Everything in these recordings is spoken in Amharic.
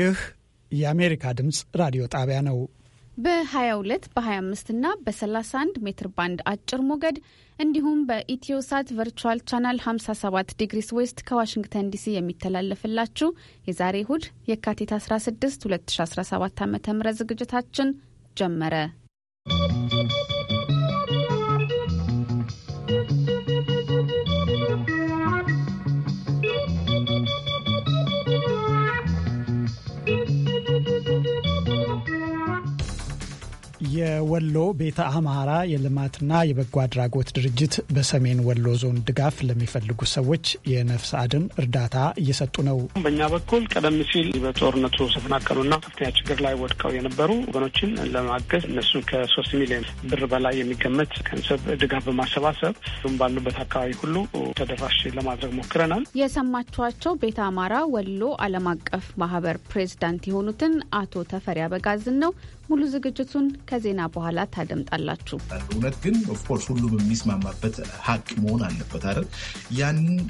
ይህ የአሜሪካ ድምፅ ራዲዮ ጣቢያ ነው። በ22 በ25 እና በ31 ሜትር ባንድ አጭር ሞገድ እንዲሁም በኢትዮሳት ቨርቹዋል ቻናል 57 ዲግሪስ ዌስት ከዋሽንግተን ዲሲ የሚተላለፍላችሁ የዛሬ እሁድ የካቲት 16 2017 ዓ ም ዝግጅታችን ጀመረ። የወሎ ቤተ አማራ የልማትና የበጎ አድራጎት ድርጅት በሰሜን ወሎ ዞን ድጋፍ ለሚፈልጉ ሰዎች የነፍስ አድን እርዳታ እየሰጡ ነው። በእኛ በኩል ቀደም ሲል በጦርነቱ ተፈናቀሉና ከፍተኛ ችግር ላይ ወድቀው የነበሩ ወገኖችን ለማገዝ እነሱ ከሶስት ሚሊዮን ብር በላይ የሚገመት ገንዘብ ድጋፍ በማሰባሰብ ም ባሉበት አካባቢ ሁሉ ተደራሽ ለማድረግ ሞክረናል። የሰማችኋቸው ቤተ አማራ ወሎ ዓለም አቀፍ ማህበር ፕሬዚዳንት የሆኑትን አቶ ተፈሪ አበጋዝን ነው። ሙሉ ዝግጅቱን ከዜና በኋላ ታደምጣላችሁ። እውነት ግን ኦፍኮርስ ሁሉም የሚስማማበት ሀቅ መሆን አለበት አይደል? ያንን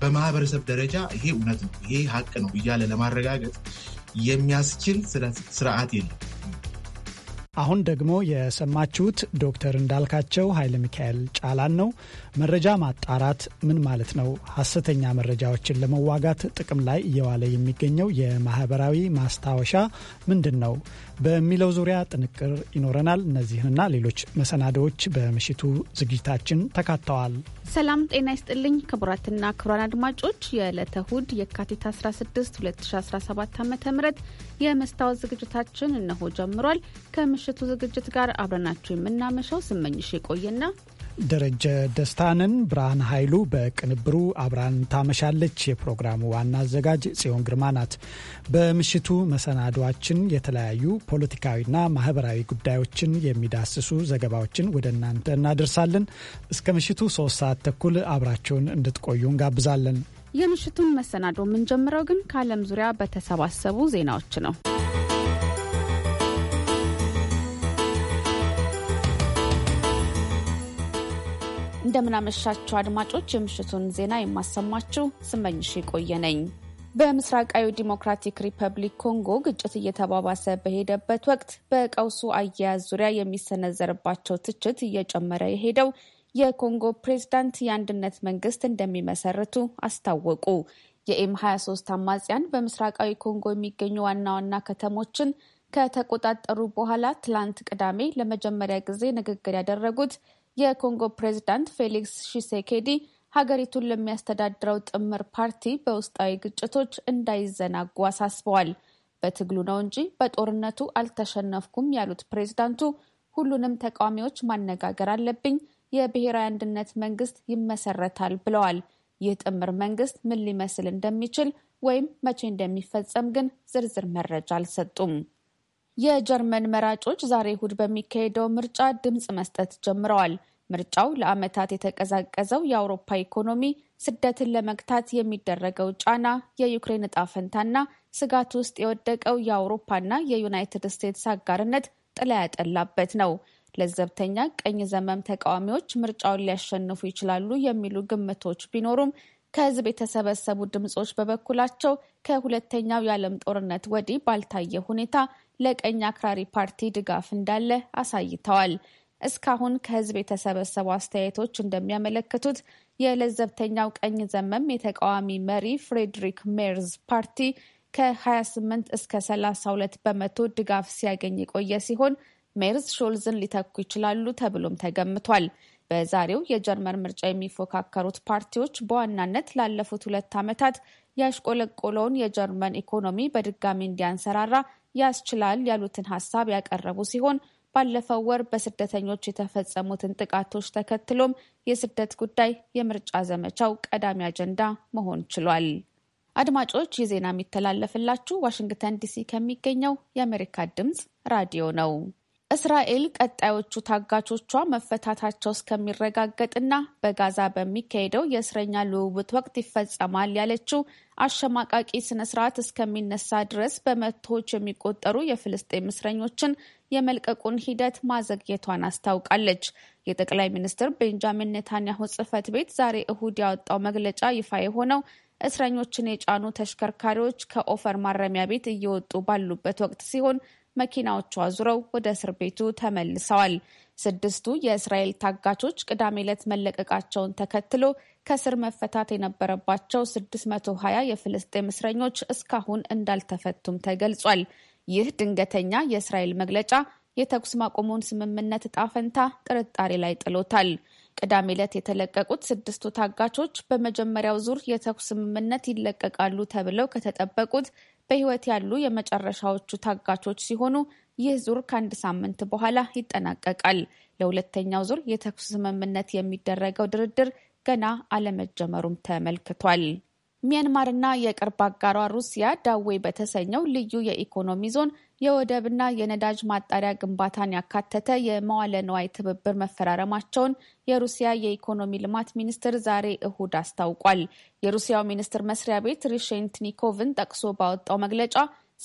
በማህበረሰብ ደረጃ ይሄ እውነት ነው፣ ይሄ ሀቅ ነው እያለ ለማረጋገጥ የሚያስችል ስርዓት የለም። አሁን ደግሞ የሰማችሁት ዶክተር እንዳልካቸው ኃይለ ሚካኤል ጫላን ነው። መረጃ ማጣራት ምን ማለት ነው? ሐሰተኛ መረጃዎችን ለመዋጋት ጥቅም ላይ እየዋለ የሚገኘው የማህበራዊ ማስታወሻ ምንድን ነው? በሚለው ዙሪያ ጥንቅር ይኖረናል። እነዚህንና ሌሎች መሰናዶዎች በምሽቱ ዝግጅታችን ተካተዋል። ሰላም ጤና ይስጥልኝ ክቡራትና ክቡራን አድማጮች የዕለተ እሁድ የካቲት 16 2017 ዓ ም የመስታወት ዝግጅታችን እነሆ ጀምሯል። ከምሽቱ ዝግጅት ጋር አብረናችሁ የምናመሸው ስመኝሽ የቆየና ደረጀ ደስታንን ብርሃን ኃይሉ በቅንብሩ አብራን ታመሻለች። የፕሮግራሙ ዋና አዘጋጅ ጽዮን ግርማ ናት። በምሽቱ መሰናዷችን የተለያዩ ፖለቲካዊና ማህበራዊ ጉዳዮችን የሚዳስሱ ዘገባዎችን ወደ እናንተ እናደርሳለን። እስከ ምሽቱ ሶስት ሰዓት ተኩል አብራቸውን እንድትቆዩ እንጋብዛለን። የምሽቱን መሰናዶ የምንጀምረው ግን ከዓለም ዙሪያ በተሰባሰቡ ዜናዎች ነው። እንደምናመሻችሁ አድማጮች፣ የምሽቱን ዜና የማሰማችሁ ስመኝሽ የቆየ ነኝ። በምስራቃዊ ዲሞክራቲክ ሪፐብሊክ ኮንጎ ግጭት እየተባባሰ በሄደበት ወቅት በቀውሱ አያያዝ ዙሪያ የሚሰነዘርባቸው ትችት እየጨመረ የሄደው የኮንጎ ፕሬዝዳንት የአንድነት መንግስት እንደሚመሰርቱ አስታወቁ። የኤም 23 አማጽያን በምስራቃዊ ኮንጎ የሚገኙ ዋና ዋና ከተሞችን ከተቆጣጠሩ በኋላ ትላንት ቅዳሜ ለመጀመሪያ ጊዜ ንግግር ያደረጉት የኮንጎ ፕሬዚዳንት ፌሊክስ ሺሴኬዲ ሀገሪቱን ለሚያስተዳድረው ጥምር ፓርቲ በውስጣዊ ግጭቶች እንዳይዘናጉ አሳስበዋል። በትግሉ ነው እንጂ በጦርነቱ አልተሸነፍኩም ያሉት ፕሬዚዳንቱ ሁሉንም ተቃዋሚዎች ማነጋገር አለብኝ፣ የብሔራዊ አንድነት መንግስት ይመሰረታል ብለዋል። ይህ ጥምር መንግስት ምን ሊመስል እንደሚችል ወይም መቼ እንደሚፈጸም ግን ዝርዝር መረጃ አልሰጡም። የጀርመን መራጮች ዛሬ እሁድ በሚካሄደው ምርጫ ድምፅ መስጠት ጀምረዋል። ምርጫው ለዓመታት የተቀዛቀዘው የአውሮፓ ኢኮኖሚ ስደትን ለመግታት የሚደረገው ጫና፣ የዩክሬን እጣ ፈንታና ስጋት ውስጥ የወደቀው የአውሮፓና የዩናይትድ ስቴትስ አጋርነት ጥላ ያጠላበት ነው። ለዘብተኛ ቀኝ ዘመም ተቃዋሚዎች ምርጫውን ሊያሸንፉ ይችላሉ የሚሉ ግምቶች ቢኖሩም ከህዝብ የተሰበሰቡ ድምፆች በበኩላቸው ከሁለተኛው የዓለም ጦርነት ወዲህ ባልታየ ሁኔታ ለቀኝ አክራሪ ፓርቲ ድጋፍ እንዳለ አሳይተዋል። እስካሁን ከህዝብ የተሰበሰቡ አስተያየቶች እንደሚያመለክቱት የለዘብተኛው ቀኝ ዘመም የተቃዋሚ መሪ ፍሬድሪክ ሜርዝ ፓርቲ ከ28 እስከ 32 በመቶ ድጋፍ ሲያገኝ የቆየ ሲሆን ሜርዝ ሾልዝን ሊተኩ ይችላሉ ተብሎም ተገምቷል። በዛሬው የጀርመን ምርጫ የሚፎካከሩት ፓርቲዎች በዋናነት ላለፉት ሁለት ዓመታት ያሽቆለቆለውን የጀርመን ኢኮኖሚ በድጋሚ እንዲያንሰራራ ያስችላል ያሉትን ሀሳብ ያቀረቡ ሲሆን ባለፈው ወር በስደተኞች የተፈጸሙትን ጥቃቶች ተከትሎም የስደት ጉዳይ የምርጫ ዘመቻው ቀዳሚ አጀንዳ መሆን ችሏል። አድማጮች የዜና የሚተላለፍላችሁ ዋሽንግተን ዲሲ ከሚገኘው የአሜሪካ ድምፅ ራዲዮ ነው። እስራኤል ቀጣዮቹ ታጋቾቿ መፈታታቸው እስከሚረጋገጥና በጋዛ በሚካሄደው የእስረኛ ልውውጥ ወቅት ይፈጸማል ያለችው አሸማቃቂ ስነ ስርዓት እስከሚነሳ ድረስ በመቶዎች የሚቆጠሩ የፍልስጤም እስረኞችን የመልቀቁን ሂደት ማዘግየቷን አስታውቃለች። የጠቅላይ ሚኒስትር ቤንጃሚን ኔታንያሁ ጽህፈት ቤት ዛሬ እሁድ ያወጣው መግለጫ ይፋ የሆነው እስረኞችን የጫኑ ተሽከርካሪዎች ከኦፈር ማረሚያ ቤት እየወጡ ባሉበት ወቅት ሲሆን መኪናዎቹ አዙረው ወደ እስር ቤቱ ተመልሰዋል። ስድስቱ የእስራኤል ታጋቾች ቅዳሜ ዕለት መለቀቃቸውን ተከትሎ ከስር መፈታት የነበረባቸው 620 የፍልስጤም እስረኞች እስካሁን እንዳልተፈቱም ተገልጿል። ይህ ድንገተኛ የእስራኤል መግለጫ የተኩስ ማቆሙን ስምምነት እጣ ፈንታ ጥርጣሬ ላይ ጥሎታል። ቅዳሜ ዕለት የተለቀቁት ስድስቱ ታጋቾች በመጀመሪያው ዙር የተኩስ ስምምነት ይለቀቃሉ ተብለው ከተጠበቁት በሕይወት ያሉ የመጨረሻዎቹ ታጋቾች ሲሆኑ ይህ ዙር ከአንድ ሳምንት በኋላ ይጠናቀቃል። ለሁለተኛው ዙር የተኩስ ስምምነት የሚደረገው ድርድር ገና አለመጀመሩም ተመልክቷል። ሚያንማርና የቅርብ አጋሯ ሩሲያ ዳዌ በተሰኘው ልዩ የኢኮኖሚ ዞን የወደብና የነዳጅ ማጣሪያ ግንባታን ያካተተ የመዋለ ንዋይ ትብብር መፈራረማቸውን የሩሲያ የኢኮኖሚ ልማት ሚኒስትር ዛሬ እሁድ አስታውቋል። የሩሲያው ሚኒስትር መስሪያ ቤት ሪሼንትኒኮቭን ጠቅሶ ባወጣው መግለጫ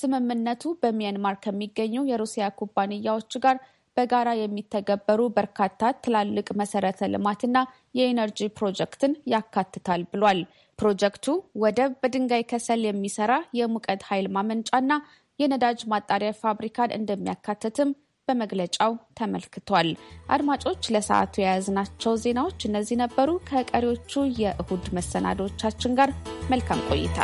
ስምምነቱ በሚያንማር ከሚገኙ የሩሲያ ኩባንያዎች ጋር በጋራ የሚተገበሩ በርካታ ትላልቅ መሰረተ ልማትና የኢነርጂ ፕሮጀክትን ያካትታል ብሏል። ፕሮጀክቱ ወደብ በድንጋይ ከሰል የሚሰራ የሙቀት ኃይል ማመንጫና የነዳጅ ማጣሪያ ፋብሪካን እንደሚያካትትም በመግለጫው ተመልክቷል። አድማጮች ለሰዓቱ የያዝናቸው ዜናዎች እነዚህ ነበሩ። ከቀሪዎቹ የእሁድ መሰናዶቻችን ጋር መልካም ቆይታ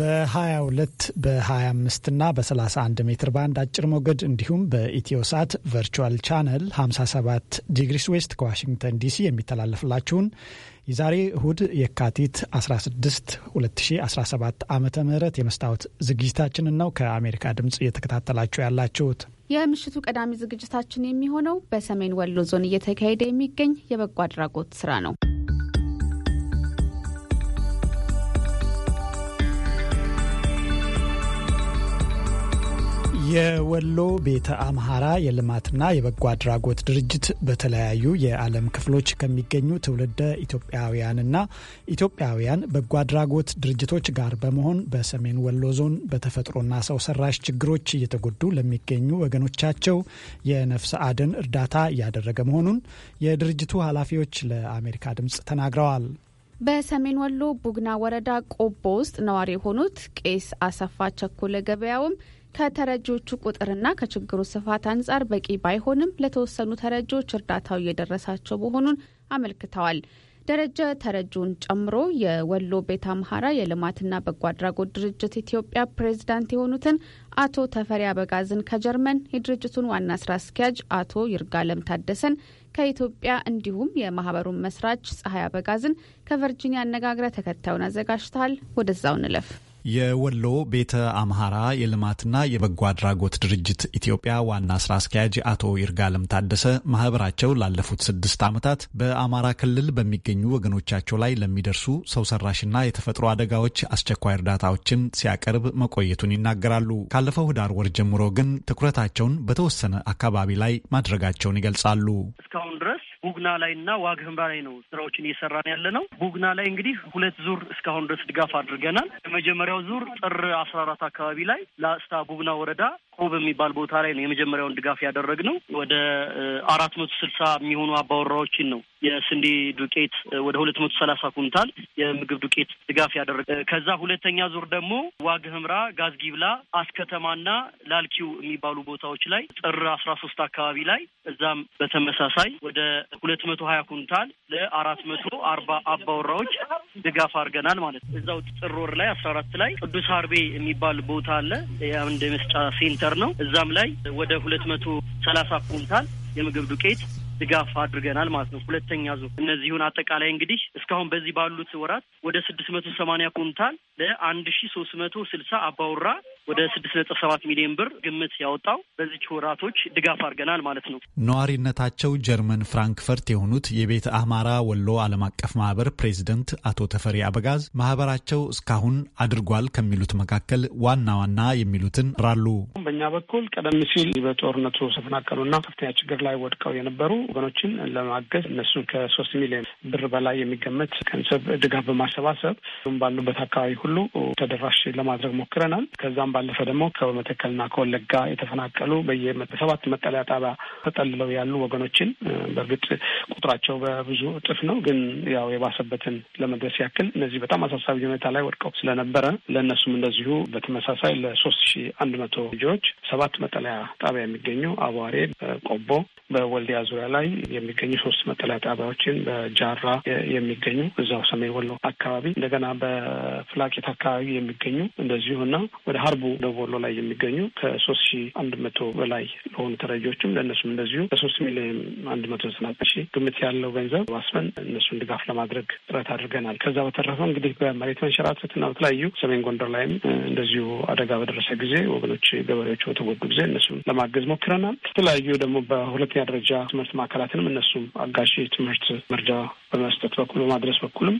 በ22 በ25 እና በ31 ሜትር ባንድ አጭር ሞገድ እንዲሁም በኢትዮሳት ቨርቹዋል ቻነል 57 ዲግሪስ ዌስት ከዋሽንግተን ዲሲ የሚተላለፍላችሁን የዛሬ እሁድ የካቲት 16 2017 ዓ ም የመስታወት ዝግጅታችንን ነው ከአሜሪካ ድምፅ እየተከታተላችሁ ያላችሁት። የምሽቱ ቀዳሚ ዝግጅታችን የሚሆነው በሰሜን ወሎ ዞን እየተካሄደ የሚገኝ የበጎ አድራጎት ስራ ነው። የወሎ ቤተ አምሃራ የልማትና የበጎ አድራጎት ድርጅት በተለያዩ የዓለም ክፍሎች ከሚገኙ ትውልደ ኢትዮጵያውያንና ኢትዮጵያውያን በጎ አድራጎት ድርጅቶች ጋር በመሆን በሰሜን ወሎ ዞን በተፈጥሮና ሰው ሰራሽ ችግሮች እየተጎዱ ለሚገኙ ወገኖቻቸው የነፍስ አድን እርዳታ እያደረገ መሆኑን የድርጅቱ ኃላፊዎች ለአሜሪካ ድምፅ ተናግረዋል። በሰሜን ወሎ ቡግና ወረዳ ቆቦ ውስጥ ነዋሪ የሆኑት ቄስ አሰፋ ቸኮለ ገበያውም ከተረጂዎቹ ቁጥርና ከችግሩ ስፋት አንጻር በቂ ባይሆንም ለተወሰኑ ተረጂዎች እርዳታው እየደረሳቸው መሆኑን አመልክተዋል። ደረጀ ተረጂውን ጨምሮ የወሎ ቤተ አምሐራ የልማትና በጎ አድራጎት ድርጅት ኢትዮጵያ ፕሬዝዳንት የሆኑትን አቶ ተፈሪ አበጋዝን ከጀርመን፣ የድርጅቱን ዋና ስራ አስኪያጅ አቶ ይርጋለም ታደሰን ከኢትዮጵያ እንዲሁም የማህበሩን መስራች ፀሐይ አበጋዝን ከቨርጂኒያ አነጋግረ ተከታዩን አዘጋጅተሃል። ወደዛው ንለፍ። የወሎ ቤተ አምሃራ የልማትና የበጎ አድራጎት ድርጅት ኢትዮጵያ ዋና ስራ አስኪያጅ አቶ ይርጋለም ታደሰ ማህበራቸው ላለፉት ስድስት ዓመታት በአማራ ክልል በሚገኙ ወገኖቻቸው ላይ ለሚደርሱ ሰው ሰራሽና የተፈጥሮ አደጋዎች አስቸኳይ እርዳታዎችን ሲያቀርብ መቆየቱን ይናገራሉ። ካለፈው ህዳር ወር ጀምሮ ግን ትኩረታቸውን በተወሰነ አካባቢ ላይ ማድረጋቸውን ይገልጻሉ። እስካሁን ድረስ ቡግና ላይ እና ዋግ ላይ ነው ስራዎችን እየሰራን ያለ ነው። ቡግና ላይ እንግዲህ ሁለት ዙር እስካሁን ድረስ ድጋፍ አድርገናል። የመጀመሪያው ዙር ጥር አስራ አራት አካባቢ ላይ ላስታ ቡግና ወረዳ ቆቦ በሚባል ቦታ ላይ ነው የመጀመሪያውን ድጋፍ ያደረግ ነው። ወደ አራት መቶ ስልሳ የሚሆኑ አባወራዎችን ነው የስንዴ ዱቄት ወደ ሁለት መቶ ሰላሳ ኩንታል የምግብ ዱቄት ድጋፍ ያደረግ ከዛ ሁለተኛ ዙር ደግሞ ዋግ ህምራ፣ ጋዝጊብላ፣ አስከተማና ላልኪው የሚባሉ ቦታዎች ላይ ጥር አስራ ሶስት አካባቢ ላይ እዛም በተመሳሳይ ወደ ሁለት መቶ ሀያ ኩንታል ለአራት መቶ አርባ አባወራዎች ድጋፍ አድርገናል ማለት ነው። እዛው ጥር ወር ላይ አስራ አራት ላይ ቅዱስ ሀርቤ የሚባል ቦታ አለ የአንድ መስጫ ሴንተር ነገር ነው። እዛም ላይ ወደ ሁለት መቶ ሰላሳ ኩንታል የምግብ ዱቄት ድጋፍ አድርገናል ማለት ነው። ሁለተኛ ዙር እነዚሁን አጠቃላይ እንግዲህ እስካሁን በዚህ ባሉት ወራት ወደ ስድስት መቶ ሰማንያ ኩንታል ለአንድ ሺ ሶስት መቶ ስልሳ አባውራ ወደ ስድስት ነጥብ ሰባት ሚሊዮን ብር ግምት ያወጣው በዚች ወራቶች ድጋፍ አድርገናል ማለት ነው። ነዋሪነታቸው ጀርመን ፍራንክፈርት የሆኑት የቤተ አማራ ወሎ ዓለም አቀፍ ማህበር ፕሬዚደንት አቶ ተፈሪ አበጋዝ ማህበራቸው እስካሁን አድርጓል ከሚሉት መካከል ዋና ዋና የሚሉትን ራሉ። በእኛ በኩል ቀደም ሲል በጦርነቱ ተፈናቀሉና ከፍተኛ ችግር ላይ ወድቀው የነበሩ ወገኖችን ለማገዝ እነሱን ከሶስት ሚሊዮን ብር በላይ የሚገመት ገንዘብ ድጋፍ በማሰባሰብ ባሉበት አካባቢ ሁሉ ተደራሽ ለማድረግ ሞክረናል። ከዛም ከዛም ባለፈ ደግሞ ከመተከልና ከወለጋ የተፈናቀሉ በየሰባት መጠለያ ጣቢያ ተጠልለው ያሉ ወገኖችን በእርግጥ ቁጥራቸው በብዙ እጥፍ ነው። ግን ያው የባሰበትን ለመድረስ ያክል እነዚህ በጣም አሳሳቢ ሁኔታ ላይ ወድቀው ስለነበረ ለእነሱም እንደዚሁ በተመሳሳይ ለሶስት ሺ አንድ መቶ ልጆች ሰባት መጠለያ ጣቢያ የሚገኙ አቧሬ ቆቦ በወልዲያ ዙሪያ ላይ የሚገኙ ሶስት መጠለያ ጣቢያዎችን በጃራ የሚገኙ እዛው ሰሜን ወሎ አካባቢ እንደገና በፍላቄት አካባቢ የሚገኙ እንደዚሁ እና ወደ ሀርብ ደቡብ ደቦሎ ላይ የሚገኙ ከሶስት ሺ አንድ መቶ በላይ ለሆኑ ተረጂዎችም ለእነሱም እንደዚሁ ከሶስት ሚሊዮን አንድ መቶ ዘጠና ሺ ግምት ያለው ገንዘብ ማስፈን እነሱን ድጋፍ ለማድረግ ጥረት አድርገናል። ከዛ በተረፈ እንግዲህ በመሬት መንሸራተትና በተለያዩ ሰሜን ጎንደር ላይም እንደዚሁ አደጋ በደረሰ ጊዜ ወገኖች ገበሬዎች በተጎዱ ጊዜ እነሱም ለማገዝ ሞክረናል። ከተለያዩ ደግሞ በሁለተኛ ደረጃ ትምህርት ማዕከላትንም እነሱም አጋዥ ትምህርት መርጃ በመስጠት በኩል በማድረስ በኩልም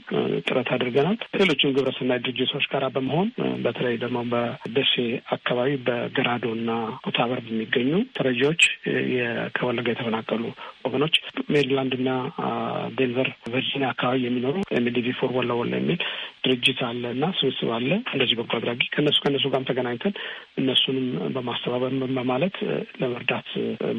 ጥረት አድርገናል። ሌሎችም ግብረሰናይ ድርጅቶች ጋር በመሆን በተለይ ደግሞ በደ ደሴ አካባቢ በገራዶ እና ኩታበር በሚገኙ ተረጂዎች ከወለጋ የተፈናቀሉ ወገኖች ሜሪላንድ እና ዴንቨር ቨርጂኒያ አካባቢ የሚኖሩ ኤምዲቪ ፎር ወላ ወላ የሚል ድርጅት አለ እና ስብስብ አለ እንደዚህ በጎ አድራጊ ከነሱ ከነሱ ጋር ተገናኝተን እነሱንም በማስተባበር በማለት ለመርዳት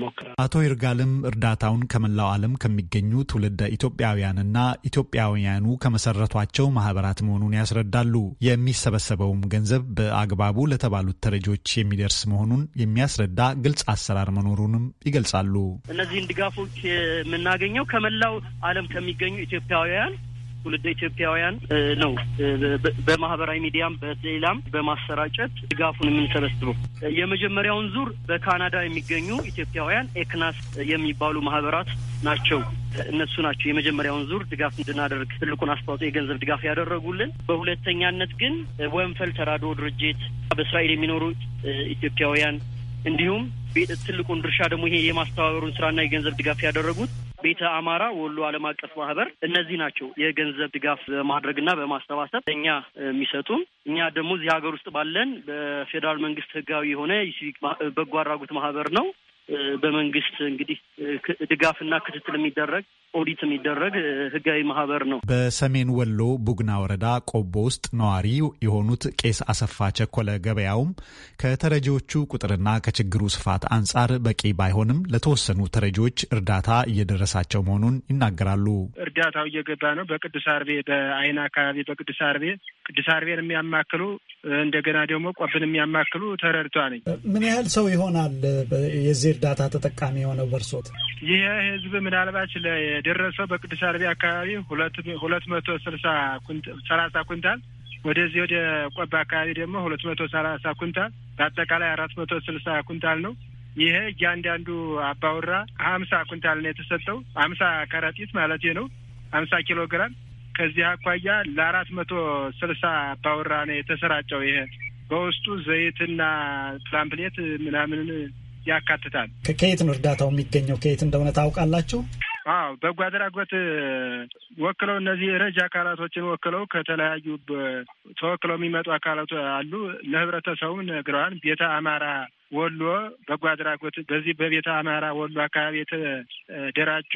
ሞክራል። አቶ ይርጋልም እርዳታውን ከመላው ዓለም ከሚገኙ ትውልደ ኢትዮጵያውያንና ኢትዮጵያውያኑ ከመሰረቷቸው ማህበራት መሆኑን ያስረዳሉ። የሚሰበሰበውም ገንዘብ በአግባቡ ለተባሉት ተረጆች የሚደርስ መሆኑን የሚያስረዳ ግልጽ አሰራር መኖሩንም ይገልጻሉ። እነዚህን ድጋፎች የምናገኘው ከመላው ዓለም ከሚገኙ ኢትዮጵያውያን ትውልደ ኢትዮጵያውያን ነው በማህበራዊ ሚዲያም በሌላም በማሰራጨት ድጋፉን የምንሰበስበው። የመጀመሪያውን ዙር በካናዳ የሚገኙ ኢትዮጵያውያን ኤክናስ የሚባሉ ማህበራት ናቸው። እነሱ ናቸው የመጀመሪያውን ዙር ድጋፍ እንድናደርግ ትልቁን አስተዋጽኦ የገንዘብ ድጋፍ ያደረጉልን። በሁለተኛነት ግን ወንፈል ተራድኦ ድርጅት በእስራኤል የሚኖሩ ኢትዮጵያውያን እንዲሁም ትልቁን ድርሻ ደግሞ ይሄ የማስተባበሩን ስራና የገንዘብ ድጋፍ ያደረጉት ቤተ አማራ፣ ወሎ ዓለም አቀፍ ማህበር እነዚህ ናቸው የገንዘብ ድጋፍ በማድረግና በማሰባሰብ እኛ የሚሰጡን። እኛ ደግሞ እዚህ ሀገር ውስጥ ባለን በፌዴራል መንግስት ህጋዊ የሆነ የሲቪክ በጎ አድራጎት ማህበር ነው። በመንግስት እንግዲህ ድጋፍና ክትትል የሚደረግ ኦዲት የሚደረግ ህጋዊ ማህበር ነው። በሰሜን ወሎ ቡግና ወረዳ ቆቦ ውስጥ ነዋሪ የሆኑት ቄስ አሰፋ ቸኮለ ገበያውም ከተረጂዎቹ ቁጥርና ከችግሩ ስፋት አንጻር በቂ ባይሆንም ለተወሰኑ ተረጂዎች እርዳታ እየደረሳቸው መሆኑን ይናገራሉ። እርዳታው እየገባ ነው። በቅዱስ አርቤ በአይን አካባቢ በቅዱስ አርቤ ቅዱስ አርቤን የሚያማክሉ እንደገና ደግሞ ቆብን የሚያማክሉ ተረድቷ ነኝ። ምን ያህል ሰው ይሆናል የዚህ እርዳታ ተጠቃሚ የሆነው በርሶት? ይህ ህዝብ ምናልባት የደረሰው በቅዱስ አርቤ አካባቢ ሁለት መቶ ስልሳ ሰላሳ ኩንታል ወደዚህ ወደ ቆብ አካባቢ ደግሞ ሁለት መቶ ሰላሳ ኩንታል በአጠቃላይ አራት መቶ ስልሳ ኩንታል ነው። ይሄ እያንዳንዱ አባውራ ሀምሳ ኩንታል ነው የተሰጠው። ሀምሳ ከረጢት ማለት ነው። ሀምሳ ኪሎ ግራም ከዚህ አኳያ ለአራት መቶ ስልሳ አባወራ ነው የተሰራጨው። ይሄ በውስጡ ዘይትና ትራምፕሌት ምናምን ያካትታል። ከየት ነው እርዳታው የሚገኘው? ከየት እንደሆነ ታውቃላችሁ? አዎ፣ በጎ አድራጎት ወክለው እነዚህ ረጅ አካላቶችን ወክለው ከተለያዩ ተወክለው የሚመጡ አካላት አሉ። ለህብረተሰቡ ነግረዋል። ቤተ አማራ ወሎ በጎ አድራጎት በዚህ በቤተ አማራ ወሎ አካባቢ የተደራጁ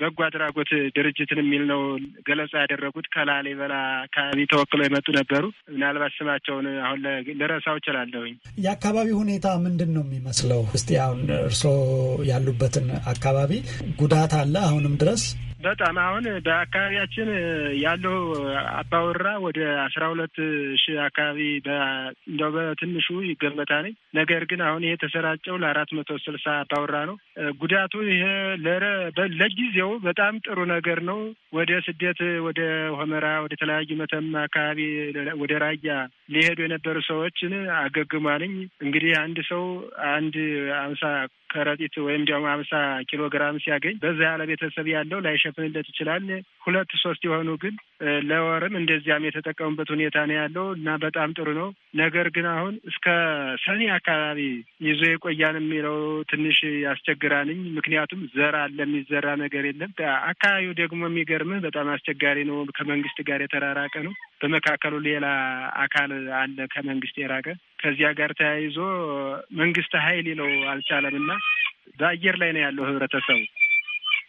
በጎ አድራጎት ድርጅትን የሚል ነው ገለጻ ያደረጉት። ከላሊበላ አካባቢ ተወክለው የመጡ ነበሩ። ምናልባት ስማቸውን አሁን ልረሳው እችላለሁኝ። የአካባቢ ሁኔታ ምንድን ነው የሚመስለው? እስቲ አሁን እርስዎ ያሉበትን አካባቢ ጉዳት አለ አሁንም ድረስ በጣም አሁን በአካባቢያችን ያለው አባወራ ወደ አስራ ሁለት ሺህ አካባቢ እንደው በትንሹ ይገመታል። ነገር ግን አሁን ይሄ የተሰራጨው ለአራት መቶ ስልሳ አባወራ ነው። ጉዳቱ ይሄ ለጊዜው በጣም ጥሩ ነገር ነው። ወደ ስደት ወደ ሆመራ፣ ወደ ተለያዩ መተማ አካባቢ፣ ወደ ራያ ሊሄዱ የነበሩ ሰዎችን አገግሟልኝ። እንግዲህ አንድ ሰው አንድ አምሳ ከረጢት ወይም ደግሞ አምሳ ኪሎ ግራም ሲያገኝ በዛ ያለ ቤተሰብ ያለው ላይሸ ሊሸፍንለት ይችላል። ሁለት ሶስት የሆኑ ግን ለወርም እንደዚያም የተጠቀሙበት ሁኔታ ነው ያለው እና በጣም ጥሩ ነው። ነገር ግን አሁን እስከ ሰኔ አካባቢ ይዞ የቆያን የሚለው ትንሽ ያስቸግራንኝ። ምክንያቱም ዘር አለ የሚዘራ ነገር የለም። አካባቢው ደግሞ የሚገርምህ በጣም አስቸጋሪ ነው። ከመንግስት ጋር የተራራቀ ነው። በመካከሉ ሌላ አካል አለ ከመንግስት የራቀ ከዚያ ጋር ተያይዞ መንግስት ኃይል ይለው አልቻለም እና በአየር ላይ ነው ያለው ህብረተሰቡ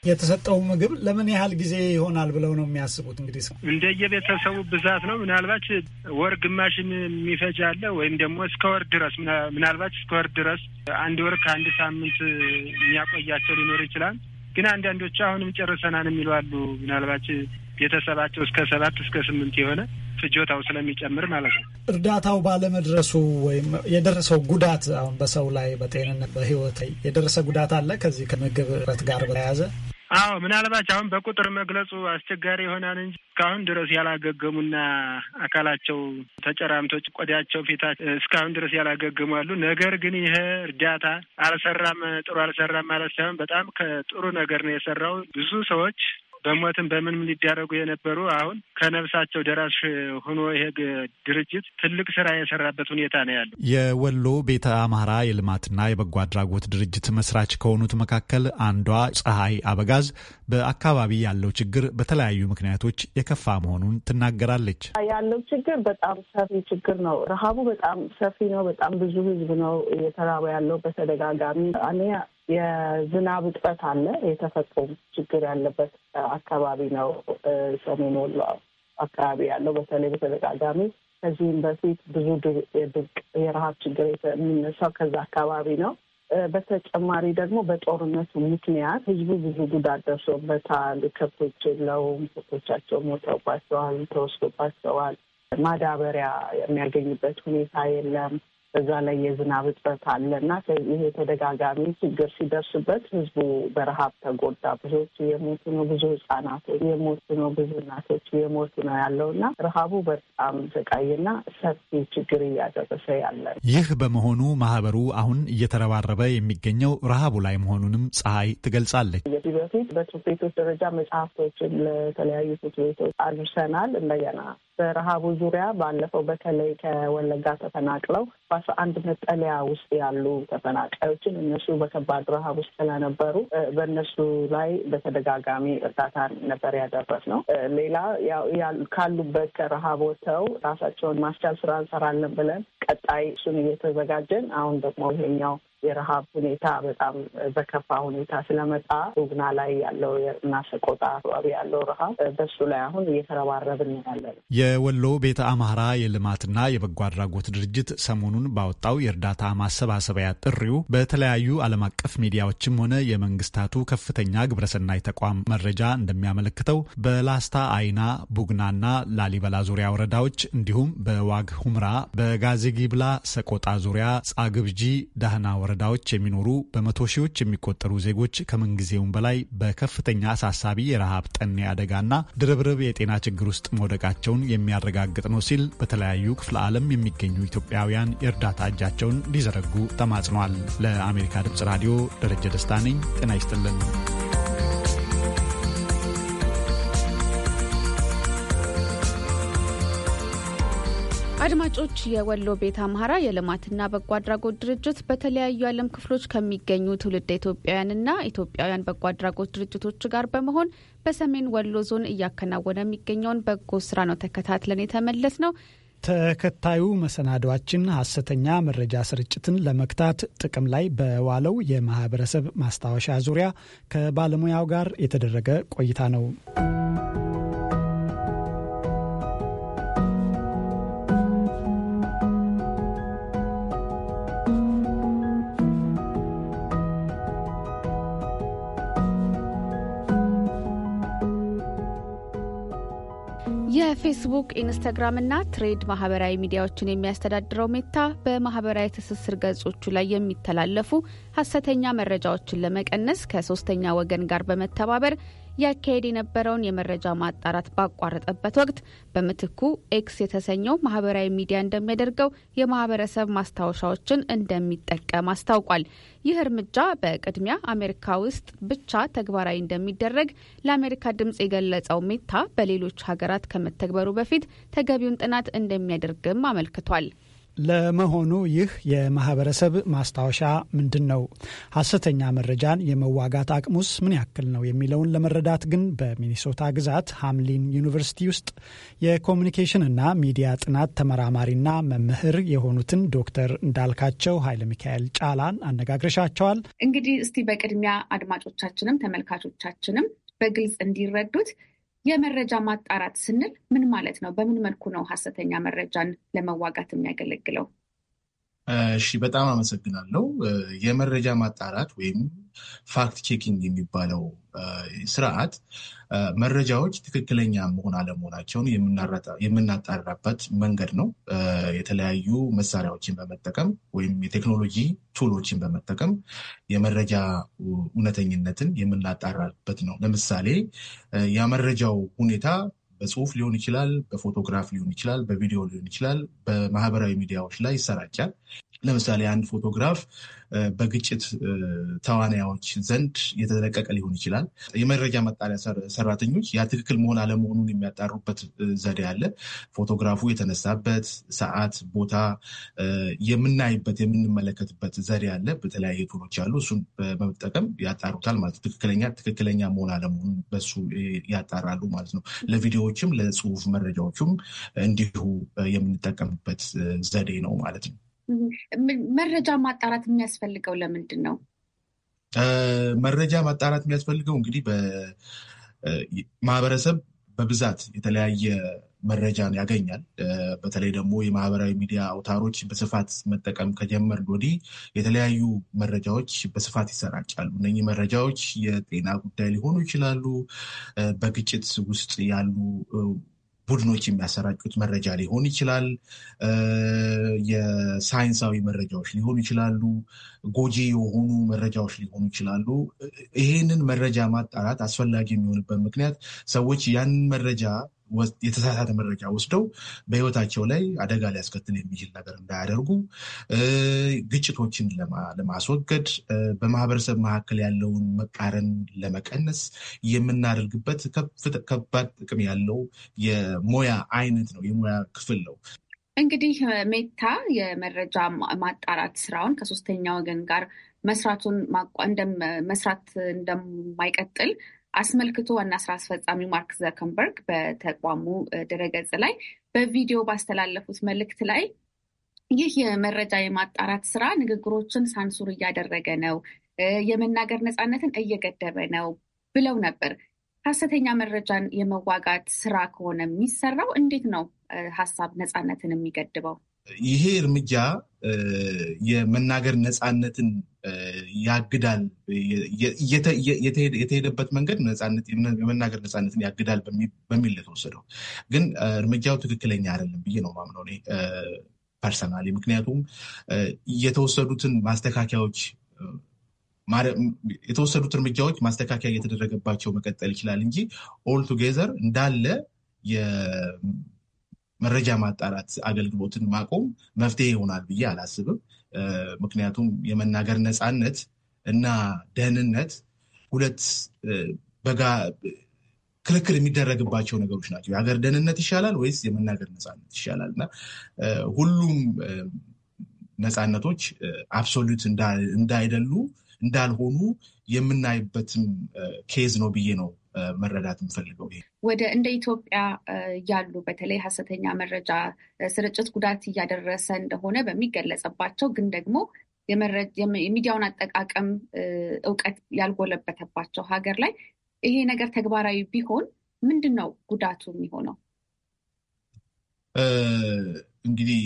የተሰጠው ምግብ ለምን ያህል ጊዜ ይሆናል ብለው ነው የሚያስቡት? እንግዲህ እንደየቤተሰቡ ብዛት ነው። ምናልባት ወር ግማሽ የሚፈጅ አለ፣ ወይም ደግሞ እስከ ወር ድረስ ምናልባት እስከ ወር ድረስ አንድ ወር ከአንድ ሳምንት የሚያቆያቸው ሊኖር ይችላል። ግን አንዳንዶቹ አሁንም ጨርሰናን የሚሉ አሉ። ምናልባት ቤተሰባቸው እስከ ሰባት እስከ ስምንት የሆነ ፍጆታው ስለሚጨምር ማለት ነው። እርዳታው ባለመድረሱ ወይም የደረሰው ጉዳት አሁን በሰው ላይ በጤንነት በህይወት የደረሰ ጉዳት አለ ከዚህ ከምግብ እጥረት ጋር በተያያዘ አዎ ምናልባች አሁን በቁጥር መግለጹ አስቸጋሪ ይሆናል እንጂ እስካሁን ድረስ ያላገገሙና አካላቸው ተጨራምቶ ቆዳቸው ፊታ እስካሁን ድረስ ያላገገሙ አሉ። ነገር ግን ይሄ እርዳታ አልሰራም ጥሩ አልሰራም ማለት ሳይሆን በጣም ከጥሩ ነገር ነው የሰራው። ብዙ ሰዎች በሞትም በምንም ሊዳረጉ የነበሩ አሁን ከነፍሳቸው ደራሽ ሆኖ ይሄ ድርጅት ትልቅ ስራ የሰራበት ሁኔታ ነው ያለው። የወሎ ቤተ አማራ የልማትና የበጎ አድራጎት ድርጅት መስራች ከሆኑት መካከል አንዷ ፀሐይ አበጋዝ በአካባቢ ያለው ችግር በተለያዩ ምክንያቶች የከፋ መሆኑን ትናገራለች። ያለው ችግር በጣም ሰፊ ችግር ነው። ረሃቡ በጣም ሰፊ ነው። በጣም ብዙ ህዝብ ነው የተራበ ያለው በተደጋጋሚ አንደኛ የዝናብ እጥረት አለ። የተፈጥሮ ችግር ያለበት አካባቢ ነው ሰሜን ወሎ አካባቢ ያለው በተለይ በተደጋጋሚ ከዚህም በፊት ብዙ የድርቅ የረሃብ ችግር የሚነሳው ከዛ አካባቢ ነው። በተጨማሪ ደግሞ በጦርነቱ ምክንያት ህዝቡ ብዙ ጉዳት ደርሶበታል። ከብቶች የለውም፣ ከብቶቻቸው ሞተውባቸዋል፣ ተወስዶባቸዋል። ማዳበሪያ የሚያገኝበት ሁኔታ የለም። በዛ ላይ የዝናብ እጥረት አለ እና ይሄ ተደጋጋሚ ችግር ሲደርስበት ህዝቡ በረሀብ ተጎዳ። ብዙዎቹ የሞቱ ነው፣ ብዙ ህጻናቶች የሞቱ ነው፣ ብዙ እናቶች የሞቱ ነው ያለው እና ረሀቡ በጣም ዘቃይና ሰፊ ችግር እያደረሰ ያለ ይህ በመሆኑ ማህበሩ አሁን እየተረባረበ የሚገኘው ረሀቡ ላይ መሆኑንም ፀሐይ ትገልጻለች። ከዚህ በፊት በትምህርት ቤቶች ደረጃ መጽሐፍቶችን ለተለያዩ ትምህርት ቤቶች አድርሰናል። እንደገና በረሃቡ ዙሪያ ባለፈው በተለይ ከወለጋ ተፈናቅለው በአስራ አንድ መጠለያ ውስጥ ያሉ ተፈናቃዮችን እነሱ በከባድ ረሃብ ውስጥ ስለነበሩ በእነሱ ላይ በተደጋጋሚ እርዳታ ነበር ያደረስ ነው። ሌላ ካሉበት ከረሃብ ወጥተው ራሳቸውን ማስቻል ስራ እንሰራለን ብለን ቀጣይ እሱን እየተዘጋጀን አሁን ደግሞ ይሄኛው የረሃብ ሁኔታ በጣም በከፋ ሁኔታ ስለመጣ ቡግና ላይ ያለው እና ሰቆጣ አካባቢ ያለው ረሃብ በሱ ላይ አሁን እየተረባረብን ያለ የወሎ ቤተ አማራ የልማትና የበጎ አድራጎት ድርጅት ሰሞኑን ባወጣው የእርዳታ ማሰባሰቢያ ጥሪው በተለያዩ ዓለም አቀፍ ሚዲያዎችም ሆነ የመንግስታቱ ከፍተኛ ግብረሰናይ ተቋም መረጃ እንደሚያመለክተው በላስታ አይና፣ ቡግናና ላሊበላ ዙሪያ ወረዳዎች እንዲሁም በዋግ ሁምራ፣ በጋዜጊብላ ሰቆጣ ዙሪያ፣ ጻግብጂ፣ ዳህና ወረዳ ወረዳዎች የሚኖሩ በመቶ ሺዎች የሚቆጠሩ ዜጎች ከምንጊዜውም በላይ በከፍተኛ አሳሳቢ የረሃብ ጠኔ አደጋና ድርብርብ የጤና ችግር ውስጥ መውደቃቸውን የሚያረጋግጥ ነው ሲል በተለያዩ ክፍለ ዓለም የሚገኙ ኢትዮጵያውያን የእርዳታ እጃቸውን እንዲዘረጉ ተማጽኗል። ለአሜሪካ ድምጽ ራዲዮ ደረጀ ደስታ ነኝ። ጤና ይስጥልን። አድማጮች የወሎ ቤት አምሀራ የልማትና በጎ አድራጎት ድርጅት በተለያዩ የዓለም ክፍሎች ከሚገኙ ትውልድ ኢትዮጵያውያንና ኢትዮጵያውያን በጎ አድራጎት ድርጅቶች ጋር በመሆን በሰሜን ወሎ ዞን እያከናወነ የሚገኘውን በጎ ስራ ነው ተከታትለን የተመለስ ነው። ተከታዩ መሰናዷችን ሀሰተኛ መረጃ ስርጭትን ለመግታት ጥቅም ላይ በዋለው የማህበረሰብ ማስታወሻ ዙሪያ ከባለሙያው ጋር የተደረገ ቆይታ ነው። ፌስቡክ፣ ኢንስታግራም እና ትሬድ ማህበራዊ ሚዲያዎችን የሚያስተዳድረው ሜታ በማህበራዊ ትስስር ገጾቹ ላይ የሚተላለፉ ሀሰተኛ መረጃዎችን ለመቀነስ ከሶስተኛ ወገን ጋር በመተባበር ያካሄድ የነበረውን የመረጃ ማጣራት ባቋረጠበት ወቅት በምትኩ ኤክስ የተሰኘው ማህበራዊ ሚዲያ እንደሚያደርገው የማህበረሰብ ማስታወሻዎችን እንደሚጠቀም አስታውቋል። ይህ እርምጃ በቅድሚያ አሜሪካ ውስጥ ብቻ ተግባራዊ እንደሚደረግ ለአሜሪካ ድምጽ የገለጸው ሜታ በሌሎች ሀገራት ከመተግበሩ በፊት ተገቢውን ጥናት እንደሚያደርግም አመልክቷል። ለመሆኑ ይህ የማህበረሰብ ማስታወሻ ምንድን ነው? ሐሰተኛ መረጃን የመዋጋት አቅሙስ ምን ያክል ነው? የሚለውን ለመረዳት ግን በሚኒሶታ ግዛት ሃምሊን ዩኒቨርሲቲ ውስጥ የኮሚኒኬሽን እና ሚዲያ ጥናት ተመራማሪና መምህር የሆኑትን ዶክተር እንዳልካቸው ኃይለ ሚካኤል ጫላን አነጋግረሻቸዋል። እንግዲህ እስቲ በቅድሚያ አድማጮቻችንም ተመልካቾቻችንም በግልጽ እንዲረዱት የመረጃ ማጣራት ስንል ምን ማለት ነው? በምን መልኩ ነው ሀሰተኛ መረጃን ለመዋጋት የሚያገለግለው? እሺ በጣም አመሰግናለሁ። የመረጃ ማጣራት ወይም ፋክት ቼኪንግ የሚባለው ስርዓት መረጃዎች ትክክለኛ መሆን አለመሆናቸውን የምናጣራበት መንገድ ነው። የተለያዩ መሳሪያዎችን በመጠቀም ወይም የቴክኖሎጂ ቱሎችን በመጠቀም የመረጃ እውነተኝነትን የምናጣራበት ነው። ለምሳሌ የመረጃው ሁኔታ በጽሁፍ ሊሆን ይችላል፣ በፎቶግራፍ ሊሆን ይችላል፣ በቪዲዮ ሊሆን ይችላል፣ በማህበራዊ ሚዲያዎች ላይ ይሰራጫል። ለምሳሌ አንድ ፎቶግራፍ በግጭት ተዋናዮች ዘንድ የተለቀቀ ሊሆን ይችላል። የመረጃ መጣሪያ ሰራተኞች ያ ትክክል መሆን አለመሆኑን የሚያጣሩበት ዘዴ አለ። ፎቶግራፉ የተነሳበት ሰዓት፣ ቦታ የምናይበት የምንመለከትበት ዘዴ አለ። በተለያየ ቱሎች አሉ። እሱን በመጠቀም ያጣሩታል ማለት ነው። ትክክለኛ ትክክለኛ መሆን አለመሆኑን በሱ ያጣራሉ ማለት ነው። ለቪዲዮዎችም ለጽሁፍ መረጃዎቹም እንዲሁ የምንጠቀምበት ዘዴ ነው ማለት ነው። መረጃ ማጣራት የሚያስፈልገው ለምንድን ነው? መረጃ ማጣራት የሚያስፈልገው እንግዲህ በማህበረሰብ በብዛት የተለያየ መረጃን ያገኛል። በተለይ ደግሞ የማህበራዊ ሚዲያ አውታሮች በስፋት መጠቀም ከጀመር ወዲህ የተለያዩ መረጃዎች በስፋት ይሰራጫሉ። እነኚህ መረጃዎች የጤና ጉዳይ ሊሆኑ ይችላሉ። በግጭት ውስጥ ያሉ ቡድኖች የሚያሰራጩት መረጃ ሊሆን ይችላል። የሳይንሳዊ መረጃዎች ሊሆኑ ይችላሉ። ጎጂ የሆኑ መረጃዎች ሊሆኑ ይችላሉ። ይህንን መረጃ ማጣራት አስፈላጊ የሚሆንበት ምክንያት ሰዎች ያንን መረጃ የተሳሳተ መረጃ ወስደው በህይወታቸው ላይ አደጋ ሊያስከትል የሚችል ነገር እንዳያደርጉ፣ ግጭቶችን ለማስወገድ፣ በማህበረሰብ መካከል ያለውን መቃረን ለመቀነስ የምናደርግበት ከባድ ጥቅም ያለው የሙያ አይነት ነው፣ የሙያ ክፍል ነው። እንግዲህ ሜታ የመረጃ ማጣራት ስራውን ከሶስተኛ ወገን ጋር መስራቱን መስራት እንደማይቀጥል አስመልክቶ ዋና ስራ አስፈጻሚው ማርክ ዘከንበርግ በተቋሙ ድረገጽ ላይ በቪዲዮ ባስተላለፉት መልእክት ላይ ይህ የመረጃ የማጣራት ስራ ንግግሮችን ሳንሱር እያደረገ ነው፣ የመናገር ነፃነትን እየገደበ ነው ብለው ነበር። ሀሰተኛ መረጃን የመዋጋት ስራ ከሆነ የሚሰራው እንዴት ነው ሀሳብ ነፃነትን የሚገድበው? ይሄ እርምጃ የመናገር ነፃነትን ያግዳል። የተሄደበት መንገድ የመናገር ነፃነትን ያግዳል በሚል ለተወሰደው ግን እርምጃው ትክክለኛ አይደለም ብዬ ነው ማምነው ፐርሰናሊ። ምክንያቱም የተወሰዱትን ማስተካከያዎች የተወሰዱት እርምጃዎች ማስተካከያ እየተደረገባቸው መቀጠል ይችላል እንጂ ኦል ቱጌዘር እንዳለ መረጃ ማጣራት አገልግሎትን ማቆም መፍትሄ ይሆናል ብዬ አላስብም። ምክንያቱም የመናገር ነፃነት እና ደህንነት ሁለት በጋ ክርክር የሚደረግባቸው ነገሮች ናቸው። የሀገር ደህንነት ይሻላል ወይስ የመናገር ነፃነት ይሻላል? እና ሁሉም ነፃነቶች አብሶሉት እንዳይደሉ እንዳልሆኑ የምናይበትም ኬዝ ነው ብዬ ነው መረዳት እንፈልገው። ወደ እንደ ኢትዮጵያ ያሉ በተለይ ሀሰተኛ መረጃ ስርጭት ጉዳት እያደረሰ እንደሆነ በሚገለጽባቸው ግን ደግሞ የሚዲያውን አጠቃቀም እውቀት ያልጎለበተባቸው ሀገር ላይ ይሄ ነገር ተግባራዊ ቢሆን ምንድን ነው ጉዳቱ የሚሆነው? እንግዲህ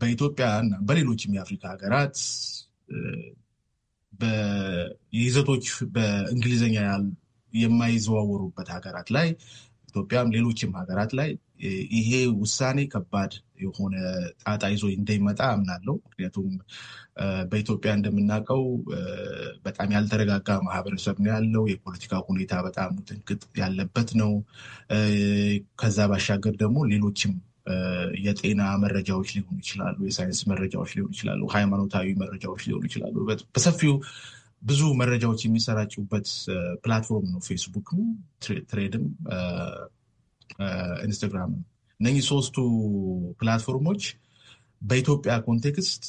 በኢትዮጵያ እና በሌሎችም የአፍሪካ ሀገራት የይዘቶች በእንግሊዝኛ የማይዘዋወሩበት ሀገራት ላይ ኢትዮጵያም ሌሎችም ሀገራት ላይ ይሄ ውሳኔ ከባድ የሆነ ጣጣ ይዞ እንደሚመጣ አምናለሁ። ምክንያቱም በኢትዮጵያ እንደምናውቀው በጣም ያልተረጋጋ ማህበረሰብ ነው ያለው። የፖለቲካ ሁኔታ በጣም ውጥንቅጥ ያለበት ነው። ከዛ ባሻገር ደግሞ ሌሎችም የጤና መረጃዎች ሊሆኑ ይችላሉ፣ የሳይንስ መረጃዎች ሊሆኑ ይችላሉ፣ ሃይማኖታዊ መረጃዎች ሊሆኑ ይችላሉ በሰፊው ብዙ መረጃዎች የሚሰራጩበት ፕላትፎርም ነው። ፌስቡክም፣ ትሬድም፣ ኢንስታግራምም እነኚህ ሶስቱ ፕላትፎርሞች በኢትዮጵያ ኮንቴክስት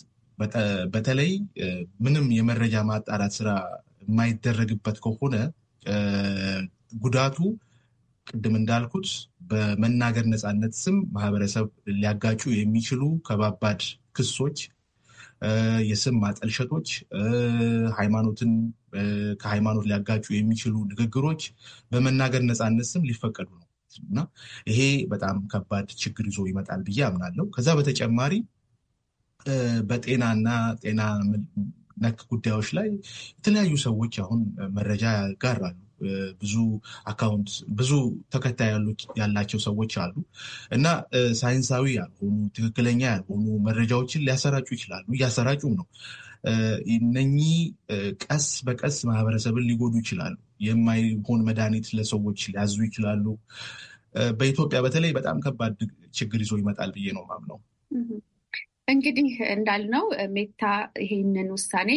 በተለይ ምንም የመረጃ ማጣራት ስራ የማይደረግበት ከሆነ ጉዳቱ ቅድም እንዳልኩት በመናገር ነፃነት ስም ማህበረሰብ ሊያጋጩ የሚችሉ ከባባድ ክሶች የስም ማጠልሸቶች፣ ሃይማኖትን ከሃይማኖት ሊያጋጩ የሚችሉ ንግግሮች በመናገር ነፃነት ስም ሊፈቀዱ ነው እና ይሄ በጣም ከባድ ችግር ይዞ ይመጣል ብዬ አምናለሁ። ከዛ በተጨማሪ በጤናና ጤና ነክ ጉዳዮች ላይ የተለያዩ ሰዎች አሁን መረጃ ያጋራሉ። ብዙ አካውንት ብዙ ተከታይ ያላቸው ሰዎች አሉ እና ሳይንሳዊ ያልሆኑ ትክክለኛ ያልሆኑ መረጃዎችን ሊያሰራጩ ይችላሉ፣ እያሰራጩም ነው። እነኚህ ቀስ በቀስ ማህበረሰብን ሊጎዱ ይችላሉ። የማይሆን መድኃኒት ለሰዎች ሊያዙ ይችላሉ። በኢትዮጵያ በተለይ በጣም ከባድ ችግር ይዞ ይመጣል ብዬ ነው የማምነው። እንግዲህ እንዳልነው ሜታ ይህንን ውሳኔ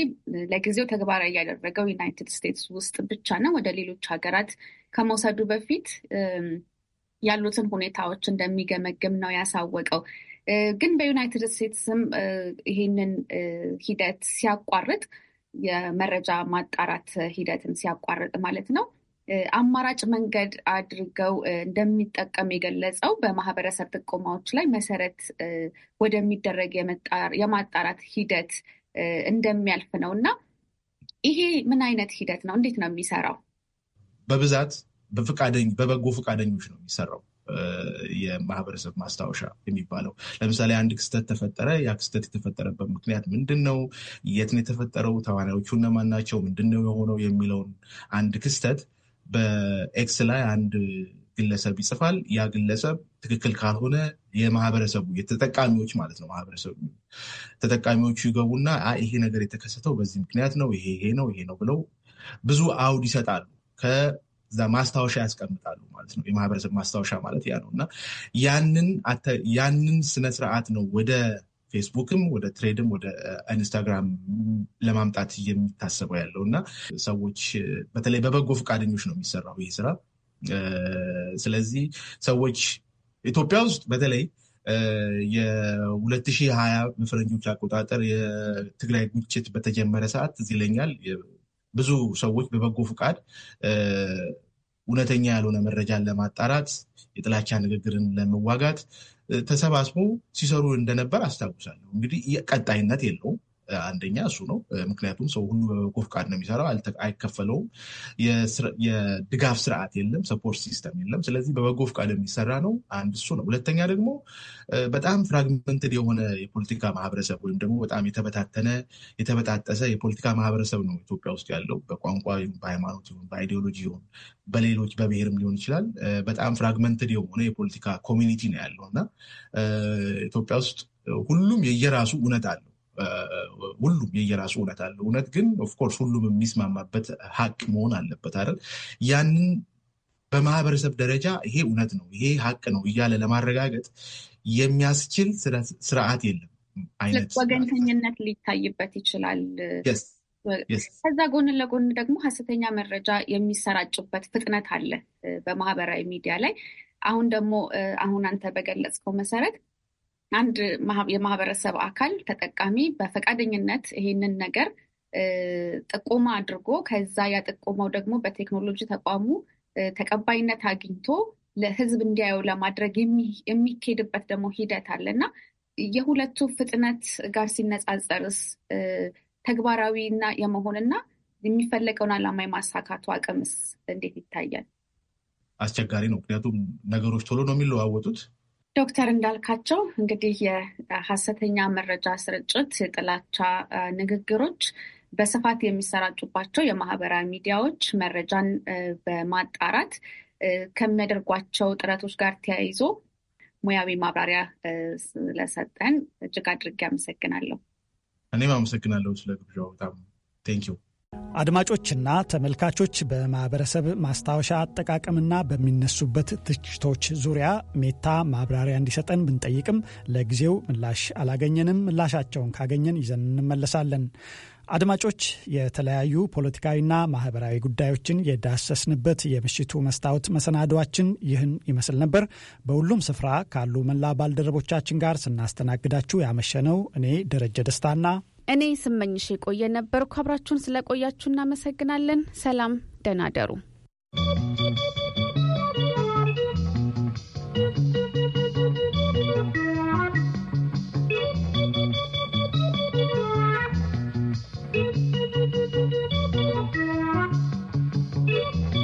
ለጊዜው ተግባራዊ ያደረገው ዩናይትድ ስቴትስ ውስጥ ብቻ ነው። ወደ ሌሎች ሀገራት ከመውሰዱ በፊት ያሉትን ሁኔታዎች እንደሚገመግም ነው ያሳወቀው። ግን በዩናይትድ ስቴትስም ይህንን ሂደት ሲያቋርጥ የመረጃ ማጣራት ሂደትን ሲያቋርጥ ማለት ነው አማራጭ መንገድ አድርገው እንደሚጠቀም የገለጸው በማህበረሰብ ጥቆማዎች ላይ መሰረት ወደሚደረግ የማጣራት ሂደት እንደሚያልፍ ነው እና ይሄ ምን አይነት ሂደት ነው? እንዴት ነው የሚሰራው? በብዛት በፈቃደኝ በበጎ ፈቃደኞች ነው የሚሰራው። የማህበረሰብ ማስታወሻ የሚባለው ለምሳሌ አንድ ክስተት ተፈጠረ። ያ ክስተት የተፈጠረበት ምክንያት ምንድን ነው? የት ነው የተፈጠረው? ተዋናዮቹ እነማን ናቸው? ምንድን ነው የሆነው የሚለውን አንድ ክስተት በኤክስ ላይ አንድ ግለሰብ ይጽፋል። ያ ግለሰብ ትክክል ካልሆነ የማህበረሰቡ የተጠቃሚዎች ማለት ነው ማህበረሰቡ ተጠቃሚዎቹ ይገቡና ይሄ ነገር የተከሰተው በዚህ ምክንያት ነው፣ ይሄ ይሄ ነው፣ ይሄ ነው ብለው ብዙ አውድ ይሰጣሉ። ከዛ ማስታወሻ ያስቀምጣሉ ማለት ነው። የማህበረሰብ ማስታወሻ ማለት ያ ነው እና ያንን ያንን ስነስርዓት ነው ወደ ፌስቡክም ወደ ትሬድም ወደ ኢንስታግራም ለማምጣት የሚታሰበው ያለው እና ሰዎች በተለይ በበጎ ፈቃደኞች ነው የሚሰራው ይህ ስራ። ስለዚህ ሰዎች ኢትዮጵያ ውስጥ በተለይ የ2020 በፈረንጆች አቆጣጠር የትግራይ ግጭት በተጀመረ ሰዓት እዚህ ይለኛል ብዙ ሰዎች በበጎ ፈቃድ እውነተኛ ያልሆነ መረጃን ለማጣራት የጥላቻ ንግግርን ለመዋጋት ተሰባስበው ሲሰሩ እንደነበር አስታውሳለሁ። እንግዲህ ቀጣይነት የለውም። አንደኛ እሱ ነው። ምክንያቱም ሰው ሁሉ በበጎ ፍቃድ ነው የሚሰራው፣ አይከፈለውም። የድጋፍ ስርዓት የለም፣ ሰፖርት ሲስተም የለም። ስለዚህ በበጎ ፍቃድ የሚሰራ ነው። አንድ እሱ ነው። ሁለተኛ ደግሞ በጣም ፍራግመንትድ የሆነ የፖለቲካ ማህበረሰብ ወይም ደግሞ በጣም የተበታተነ የተበጣጠሰ የፖለቲካ ማህበረሰብ ነው ኢትዮጵያ ውስጥ ያለው በቋንቋ ይሁን በሃይማኖት ይሁን በአይዲዮሎጂ ይሁን በሌሎች በብሔርም ሊሆን ይችላል። በጣም ፍራግመንትድ የሆነ የፖለቲካ ኮሚኒቲ ነው ያለው እና ኢትዮጵያ ውስጥ ሁሉም የየራሱ እውነት አለው ሁሉም የየራሱ እውነት አለው። እውነት ግን ኦፍኮርስ ሁሉም የሚስማማበት ሀቅ መሆን አለበት አይደል? ያንን በማህበረሰብ ደረጃ ይሄ እውነት ነው፣ ይሄ ሀቅ ነው እያለ ለማረጋገጥ የሚያስችል ስርዓት የለም። አይነት ወገንተኝነት ሊታይበት ይችላል። ከዛ ጎን ለጎን ደግሞ ሀሰተኛ መረጃ የሚሰራጭበት ፍጥነት አለ በማህበራዊ ሚዲያ ላይ። አሁን ደግሞ አሁን አንተ በገለጽከው መሰረት አንድ የማህበረሰብ አካል ተጠቃሚ በፈቃደኝነት ይሄንን ነገር ጥቆማ አድርጎ ከዛ ያጠቆመው ደግሞ በቴክኖሎጂ ተቋሙ ተቀባይነት አግኝቶ ለህዝብ እንዲያየው ለማድረግ የሚካሄድበት ደግሞ ሂደት አለ እና የሁለቱ ፍጥነት ጋር ሲነጻጸርስ ተግባራዊ እና የመሆንና የሚፈለገውን ዓላማ የማሳካቱ አቅምስ እንዴት ይታያል? አስቸጋሪ ነው። ምክንያቱም ነገሮች ቶሎ ነው የሚለዋወጡት። ዶክተር እንዳልካቸው እንግዲህ የሀሰተኛ መረጃ ስርጭት፣ የጥላቻ ንግግሮች በስፋት የሚሰራጩባቸው የማህበራዊ ሚዲያዎች መረጃን በማጣራት ከሚያደርጓቸው ጥረቶች ጋር ተያይዞ ሙያዊ ማብራሪያ ስለሰጠን እጅግ አድርጌ አመሰግናለሁ። እኔም አመሰግናለሁ ስለ ግብዣው በጣም ቴንኪው። አድማጮችና ተመልካቾች በማህበረሰብ ማስታወሻ አጠቃቀምና በሚነሱበት ትችቶች ዙሪያ ሜታ ማብራሪያ እንዲሰጠን ብንጠይቅም ለጊዜው ምላሽ አላገኘንም። ምላሻቸውን ካገኘን ይዘን እንመለሳለን። አድማጮች የተለያዩ ፖለቲካዊና ማህበራዊ ጉዳዮችን የዳሰስንበት የምሽቱ መስታወት መሰናዷችን ይህን ይመስል ነበር። በሁሉም ስፍራ ካሉ መላ ባልደረቦቻችን ጋር ስናስተናግዳችሁ ያመሸነው እኔ ደረጀ ደስታና እኔ ስመኝሽ የቆየ ነበርኩ። አብራችሁን ስለቆያችሁ እናመሰግናለን። ሰላም፣ ደህና ደሩ።